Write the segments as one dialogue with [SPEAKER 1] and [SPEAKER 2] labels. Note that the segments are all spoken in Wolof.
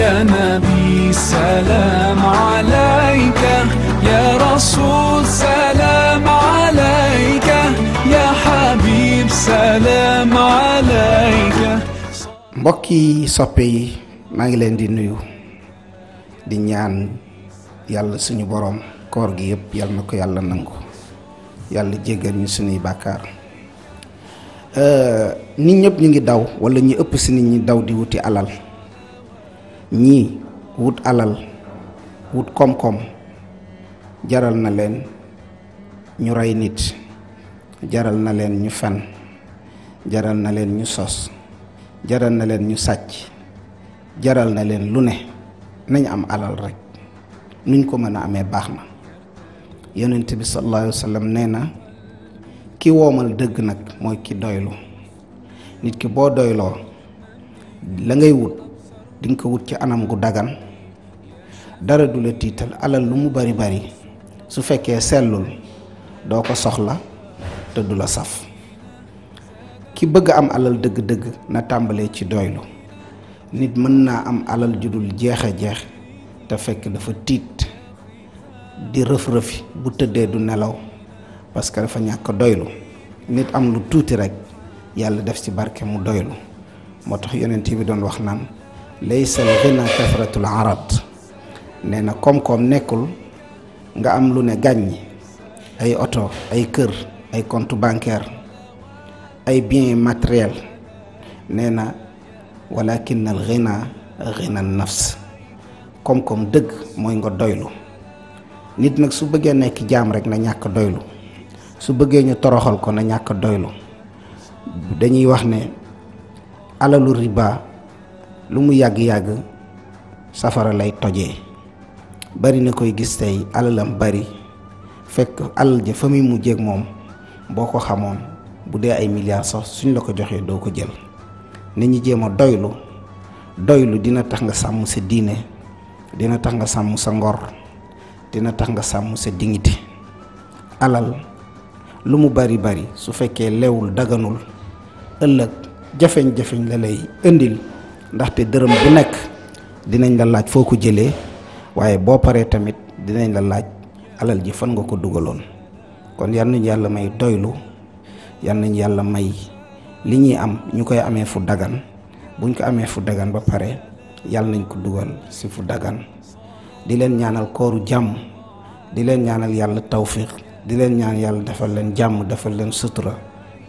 [SPEAKER 1] يا نبي سلام عليك يا رسول سلام عليك يا حبيب سلام عليك mbokk soppe yi maa ngi leen di nuyu di ñaan yàlla suñu boroom koor gi yëpp yàlla na ko yàlla nangu yàlla jéggal ñu suñuy bàkkaar euh, nit ñëpp ñu ngi daw wala ñu ëpp si nit ñi daw di wuti alal ñii wut alal wut koom-koom jaral na leen ñu rey nit jaral na leen ñu fen jaral na leen ñu sos jaral na leen ñu sàcc jaral na leen lu ne nañ am alal rek nuñ ko mën a amee baax na yonent bi sallallahu alayhi nee na ki woomal dëgg nag mooy ki doylu nit ki boo doyloo la ngay wut dinga ko wut ci anam gu dagan dara du la tiital alal lu mu bari bari su fekkee sellul doo ko soxla te du la saf ki bëgg am alal dëgg-dëgg na tàmbalee ci doylu nit mën naa am alal ju dul jeex a jeex te fekk dafa tiit di rëf-rëfi bu tëddee du nelaw parce que dafa ñàkk doylu nit am lu tuuti rek yàlla def ci barke mu doylu moo tax yonent bi doon wax naan laysa al-ghina kasratul arad nee na koom nekkul nga am lu ne gàññ ay oto ay kër ay compte bancaire ay bien matériel nee na walakin al-ghina ghina an-nafs koom-koom dëgg mooy nga doylu nit nag su bëggee nekk jaam rek na ñàkk doylu su bëggee ñu toroxal ko na ñàkk doylu dañuy wax ne alalu riba lu mu yàgg-yàgg safara lay toje bari na koy gis tey alalam bari fekk alal ja fa muy mujjee moom boo ko xamoon bu dee ay milliards sax suñ la ko joxee doo ko jël nit ñi jéem a doylu doylu dina tax nga sàmm sa diine dina tax nga sàmm sa ngor dina tax nga sàmm sa dignité alal lu mu bari bari su fekkee lewul daganul ëllëg jafeñ-jafeñ la lay indil ndaxte dërëm bu nekk dinañ la laaj foo ko jëlee waaye boo paree tamit dinañ la laaj alal ji fan nga ko dugaloon kon yal nañu yàlla may doylu yal nañu yàlla may li ñuy am ñu koy amee fu dagan buñ ko amee fu dagan ba pare yal nañ ko dugal si fu dagan di leen ñaanal kooru jàmm di leen ñaanal yàlla tawfiq di leen ñaan yàlla defal leen jàmm defal leen sutura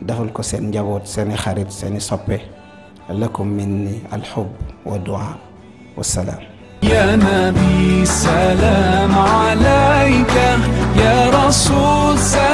[SPEAKER 1] defal ko seen njaboot seeni xarit seeni soppe lakum minni alxub wa duaa wa salaam يا نبي سلام عليك يا رسول سلام